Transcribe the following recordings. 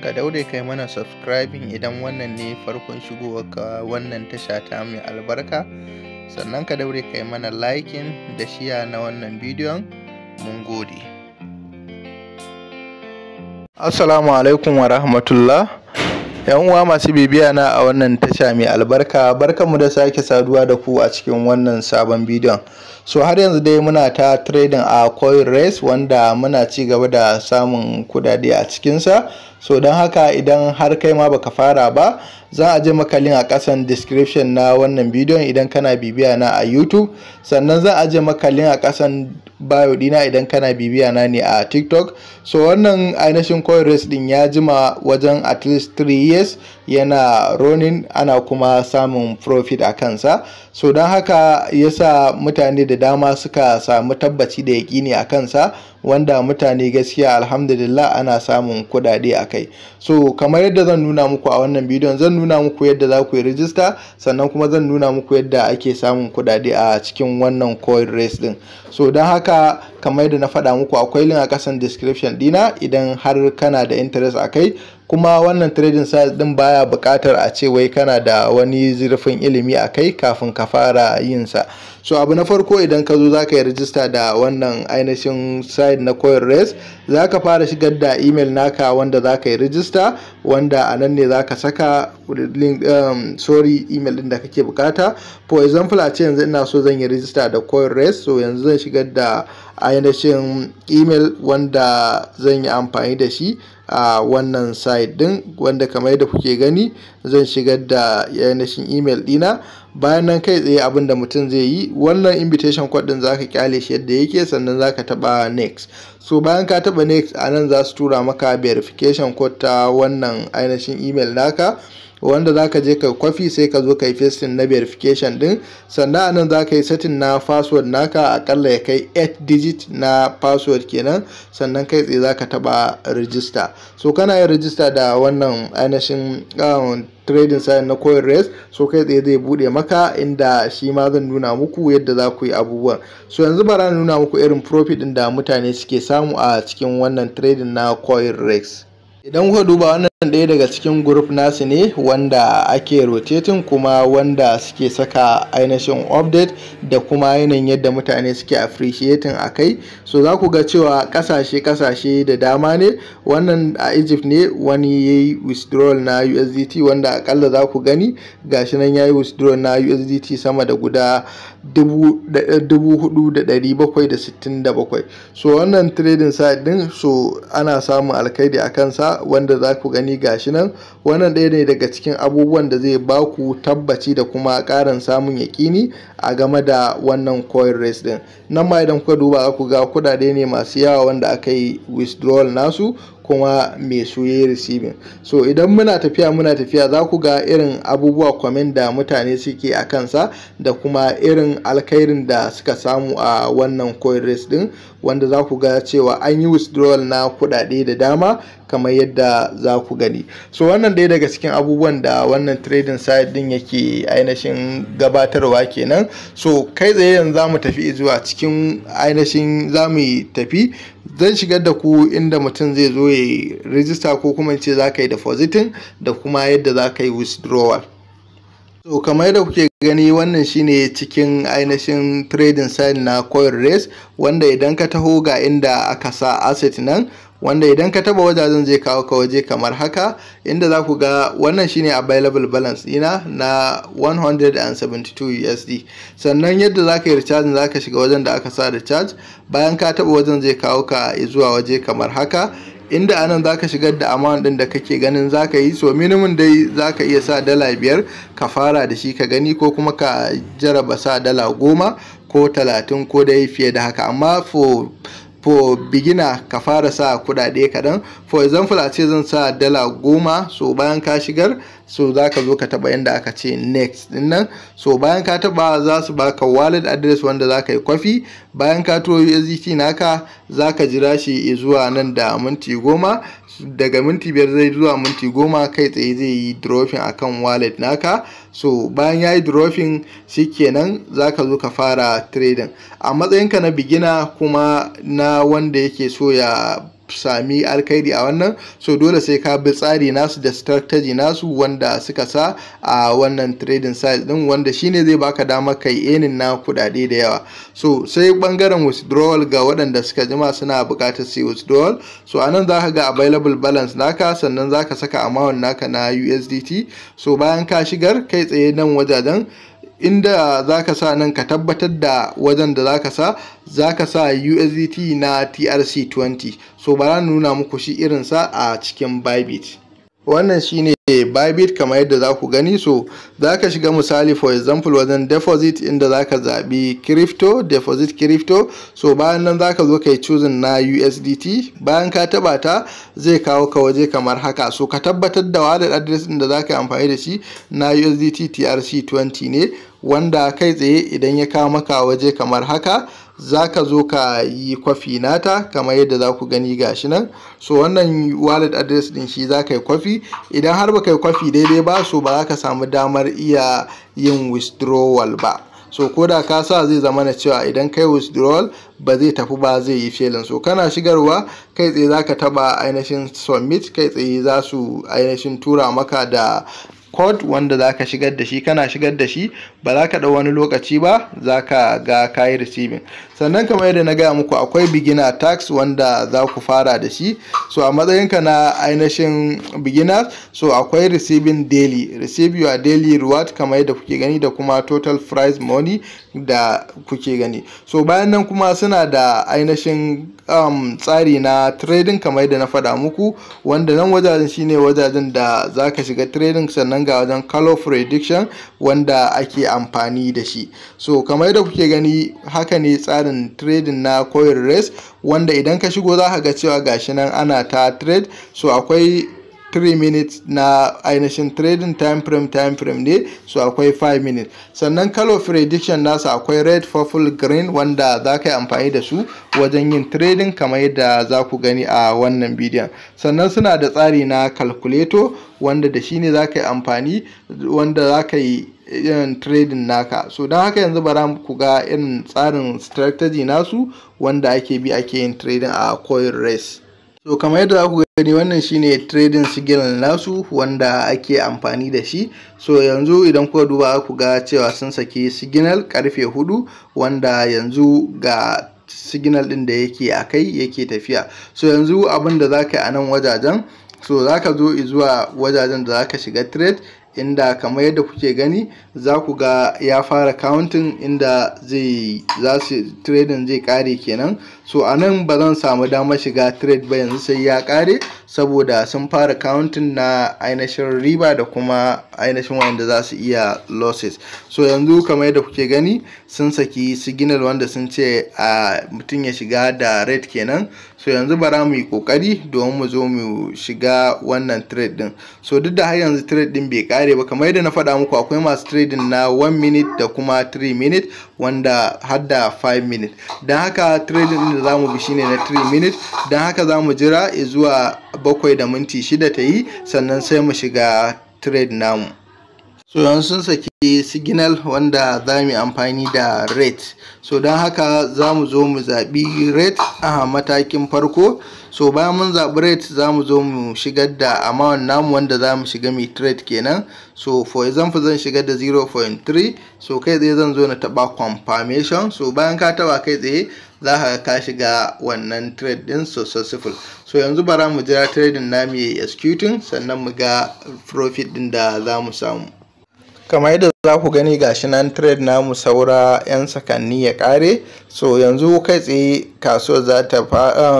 ka daure kai mana subscribing idan wannan ne farkon ka wannan tasha ta mai albarka sannan ka daure kai mana liking da shiya na wannan bidiyon mun gode assalamu alaikum wa rahmatullah yan uwa masu bibiya na a wannan tasha mai albarka barkanmu da sake saduwa da ku a cikin wannan sabon bidiyon so har yanzu dai muna ta trading a coin race wanda muna ci gaba da samun kudade a cikinsa so don haka idan har kai ma baka fara ba za a je maka link a kasan description na wannan bidiyon idan kana bibiya na a youtube sannan za a je maka link a kasan bio dina idan kana bibiya na ne a tiktok so wannan ainihin coin race din ya jima wajen at least 3 years yana ronin ana kuma samun profit a kansa so don haka yasa mutane da dama suka samu tabbaci da yakini a kansa wanda mutane gaskiya alhamdulillah ana samun kuɗaɗe a kai so kamar yadda zan nuna muku a wannan bidiyon zan nuna muku yadda za ku yi rijista sannan kuma zan nuna muku yadda ake samun kuɗaɗe a cikin wannan coin race din so don haka kamar yadda na faɗa muku akwai link a ƙasan description dina idan har kana da interest a kai kuma wannan trading size din baya buƙatar a ce wai kana da wani zurfin ilimi a kai kafin ka fara yin sa so abu na farko idan ka zo za ka yi rajista da wannan ainihin site na coin race za ka fara shigar da email naka wanda za ka yi rajista wanda a nan ne za ka saka link um, sorry din da kake bukata for example a ce yanzu ina so zan yi rajista da coin race so yanzu zan shigar da ainihin email wanda zan yi amfani da shi a wannan site din wanda kamar yadda kuke gani zan shigar da ainihin email dina bayan nan kai tsaye abin da mutum zai yi wannan invitation code din zaka kyale shi yadda yake sannan zaka taba next so bayan ka taba next anan za su tura maka verification code ta wannan ainihin email naka wanda zaka je ka kwafi sai ka zo ka yi fesitin na verification din sannan anan za ka yi setting na password naka akalla ya kai 8 digit na password kenan sannan kai tsaye za ka taba register so kana yin register da wannan ainihin um, trading sign na coin race so kai tsaye zai bude maka inda shi ma zan nuna muku yadda za ku yi abubuwan so yanzu bara nuna muku irin profit din da mutane suke samu a cikin wannan trading na coin race idan kuka duba wannan Wannan ɗaya daga cikin group nasu ne wanda ake rotating kuma wanda suke saka ainihin update da kuma yanayin yadda mutane suke appreciating a kai so za ku ga cewa kasashe kasashe da dama ne wannan a egypt ne wani ya yi withdrawal na usdt wanda akalla za ku gani gashi nan ya yi withdrawal na usdt sama da guda 4,767 so wannan trading side din so ana samun alkaidi a kansa wanda za ku gani gani gashi nan wannan ɗaya ne daga cikin abubuwan da zai baku tabbaci da kuma ƙarin samun yaƙini a game da wannan coin race din nan ma idan kuka duba za ku ga kuɗaɗe ne masu yawa wanda aka yi withdrawal nasu kuma me su yi receiving so idan muna tafiya muna tafiya za ku ga irin abubuwa kwamin da mutane suke a kansa da kuma irin alkhairin da suka samu a wannan coin race din wanda za ku ga cewa an yi withdrawal na kuɗaɗe da dama kamar yadda za ku gani so wannan dai daga cikin abubuwan da wannan trading site din yake ainihin gabatarwa kenan so kai tsaye yanzu za mu tafi zuwa cikin ainihin za mu tafi zan shigar da ku inda mutum zai zo ya register ko kuma ce za ka yi depositing da kuma yadda za ka yi withdrawal so kamar yadda kuke gani wannan shine cikin ainihin trading side na coil race wanda idan ka taho ga inda aka sa asset nan wanda idan ka taba wajajen zai kawo ka waje kamar haka inda za ku ga wannan shine available balance dina na 172 USD sannan yadda za ka yi recharging za ka shiga wajen da aka sa recharge bayan ka taba wajen zai kawo ka zuwa waje kamar haka inda anan zaka shigar da amount din da kake ganin zaka yi so minimum dai zaka iya sa dala biyar ka fara da shi ka gani ko kuma ka jaraba sa dala goma ko talatin ko dai fiye da haka amma for for beginner ka fara sa kudade kaɗan for example a ce zan sa dala goma so bayan ka shigar so za ka zo ka taba yadda aka ce next dinnan so bayan ka taba za su baka wallet address wanda za ka yi kwafi bayan ka turo USDT naka za ka jira shi zuwa nan da minti goma daga minti biyar zai zuwa minti goma kai tsaye zai yi dropping akan wallet naka so bayan ya yi dropping shikenan za ka zo ka fara trading a matsayinka na bigina kuma na wanda yake so ya sami alkhairi a wannan so dole sai ka bi tsari nasu da strategy nasu wanda suka sa a wannan trading size din wanda shine zai baka dama kai enin na kudade da yawa so sai bangaren withdrawal ga waɗanda suka jima suna buƙatar su withdrawal so anan zaka ga available balance naka sannan zaka saka amount naka na USDT so bayan ka shigar kai tsaye nan wajajen inda za ka sa nan ka tabbatar da wajen da za ka sa za ka sa USDT na TRC20 so bara nuna muku shi irin sa a cikin Bybit wannan shine Bybit kamar yadda za ku gani so za ka shiga misali for example wajen deposit inda za ka zaɓi crypto deposit crypto so bayan nan za ka zo ka yi choosing na USDT bayan ka taɓa ta zai kawo ka waje kamar haka so ka tabbatar da wallet adres ɗin da za ka yi amfani da shi na USDT TRC20 ne wanda kai tsaye idan ya kawo maka waje kamar haka za ka zo ka yi kwafi nata kamar yadda za ku gani gashi nan so wannan wallet address din shi za ka yi kwafi idan har ba ka yi kwafi daidai ba so ba za ka samu damar iya yin withdrawal ba so ko da ka sa zai zama na cewa idan kai withdrawal ba zai tafi ba zai yi felin so kana shigarwa kai tsaye za ka taba ainihin submit kai tsaye za su ainihin tura maka da code wanda za ka shigar da shi kana shigar da shi ba za ka ɗau wani lokaci ba za ka ga kayi receiving sannan kamar yadda na gaya muku akwai beginner tax wanda za ku fara da shi so a matsayinka na ainihin beginner so akwai receiving daily receive your daily reward kamar yadda kuke gani da kuma total price money da kuke gani so bayan nan kuma suna da ainihin um, tsari na trading kamar yadda na faɗa muku wanda nan wajajen shine wajajen da za ka shiga trading sannan ga wajen color prediction wanda ake amfani da shi so kamar yadda kuke gani haka ne tsarin trading na coil race wanda idan ka shigo za ka ga cewa gashi nan ana ta trade so akwai 3 minutes na ainihin trading time frame time frame ne so akwai 5 minutes sannan color prediction nasa akwai red purple green wanda za ka yi amfani da su wajen yin trading kamar yadda za ku gani a wannan bidiyon sannan suna da tsari na calculator wanda da shi ne za ka yi amfani wanda za ka yi irin trading naka so don haka yanzu bara ku ga irin tsarin strategy nasu wanda ake bi ake yin trading a coin race so kamar yadda za ku gani wannan shine trading signal nasu wanda ake amfani da shi so yanzu idan kuka duba ku ga cewa sun saki signal karfe hudu wanda yanzu ga signal din da yake a kai yake tafiya so yanzu abin da za ka yi a nan wajajen so za ka zo zuwa wajajen da za ka shiga trade inda kamar yadda kuke gani za ku ga ya fara kawuntin inda zai za su trading zai kare kenan so anan nan ba zan samu damar shiga trade ba yanzu sai ya kare saboda sun fara counting na ainihin riba da kuma ainihin wanda za su iya losses so yanzu kamar yadda kuke gani sun saki signal wanda sun ce a mutum ya shiga da red kenan so yanzu bara mu yi kokari domin mu zo mu shiga wannan trade din so duk da har yanzu trade din bai kare ba kamar yadda na faɗa muku akwai masu trading na 1 minute da kuma 3 minute wanda har da 5 minute don haka trading din da zamu bi shine na 3 minute don haka zamu jira zuwa bakwai da minti shida ta yi sannan sai mu shiga trade namu so yanzu sun saki signal wanda za mu amfani da rate so don haka za mu zo mu zaɓi rate a matakin farko so bayan mun zaɓi rate za mu zo mu shigar da amount namu wanda za mu shiga mai trade kenan so for example zan shigar da 0.3 so kai tsaye zan zo na taɓa confirmation so bayan ka taɓa kai tsaye za ka ka shiga wannan trade din so successful so yanzu bara mu jira trading namu mai executing sannan mu ga profit din da za mu samu kamar yadda za ku gani gashi nan trade namu saura 'yan sakanni ya kare so yanzu kai tsaye kasuwar za ta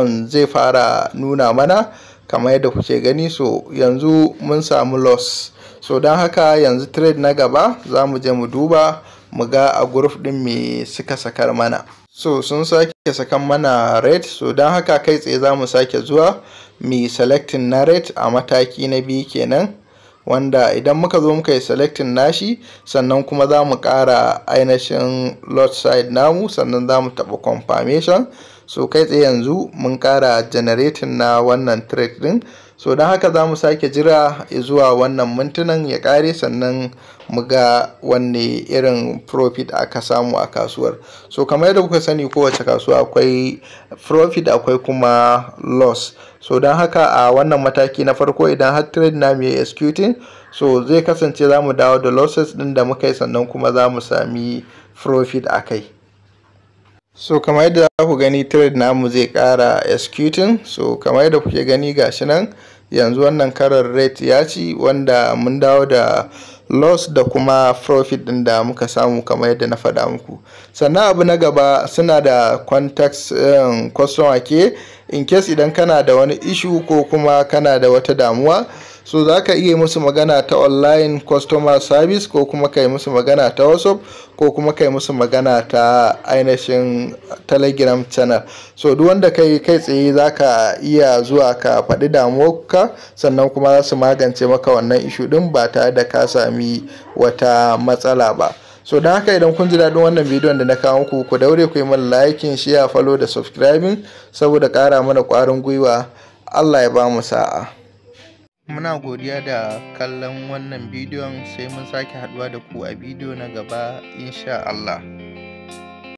um, zai fara nuna mana kamar yadda kuke gani so yanzu mun samu loss so don haka yanzu trade na gaba za mu je mu duba mu ga a group din me suka sakar mana so sun sake sakan mana red so don haka kai tsaye za mu sake zuwa mi selecting na red a mataki na biyu kenan wanda idan muka zo muka yi selecting nashi sannan kuma za mu kara ainihin lot side namu sannan za mu taɓa confirmation so kai tsaye yanzu mun kara generating na wannan trade din so don haka za mu sake jira zuwa wannan mintunan ya kare sannan mu ga wanne irin profit aka samu a kasuwar so kamar yadda kuka sani kowace kasuwa akwai profit akwai kuma loss so don haka a wannan mataki na farko idan har trade na mai executing so zai kasance za mu dawo da losses din da muka yi sannan kuma za mu sami profit a kai so kamar yadda za ku gani trade namu zai kara executing so kamar yadda kuke gani gashi nan yanzu wannan karar rate ya ci wanda mun dawo da loss da kuma profit din da muka samu kamar yadda na faɗa muku sannan abu na gaba suna da contact um, customer ke in case idan kana da wani issue ko kuma kana da wata damuwa so za ka iya musu magana ta online customer service ko kuma kai musu magana ta whatsapp ko kuma kai musu magana ta ainihin telegram channel so duk wanda kai kai tsaye za ka iya zuwa ka faɗi damuwarka sannan kuma za su magance maka wannan ishu ɗin ba tare da ka sami wata matsala ba so don haka idan kun ji daɗin wannan bidiyon da na kawo ku ku daure ku yi mana laikin share follow da subscribing saboda ƙara mana ƙwarin gwiwa Allah ya ba mu sa'a Muna godiya da kallon wannan bidiyon sai mun sake haɗuwa da ku a bidiyo na gaba insha Allah.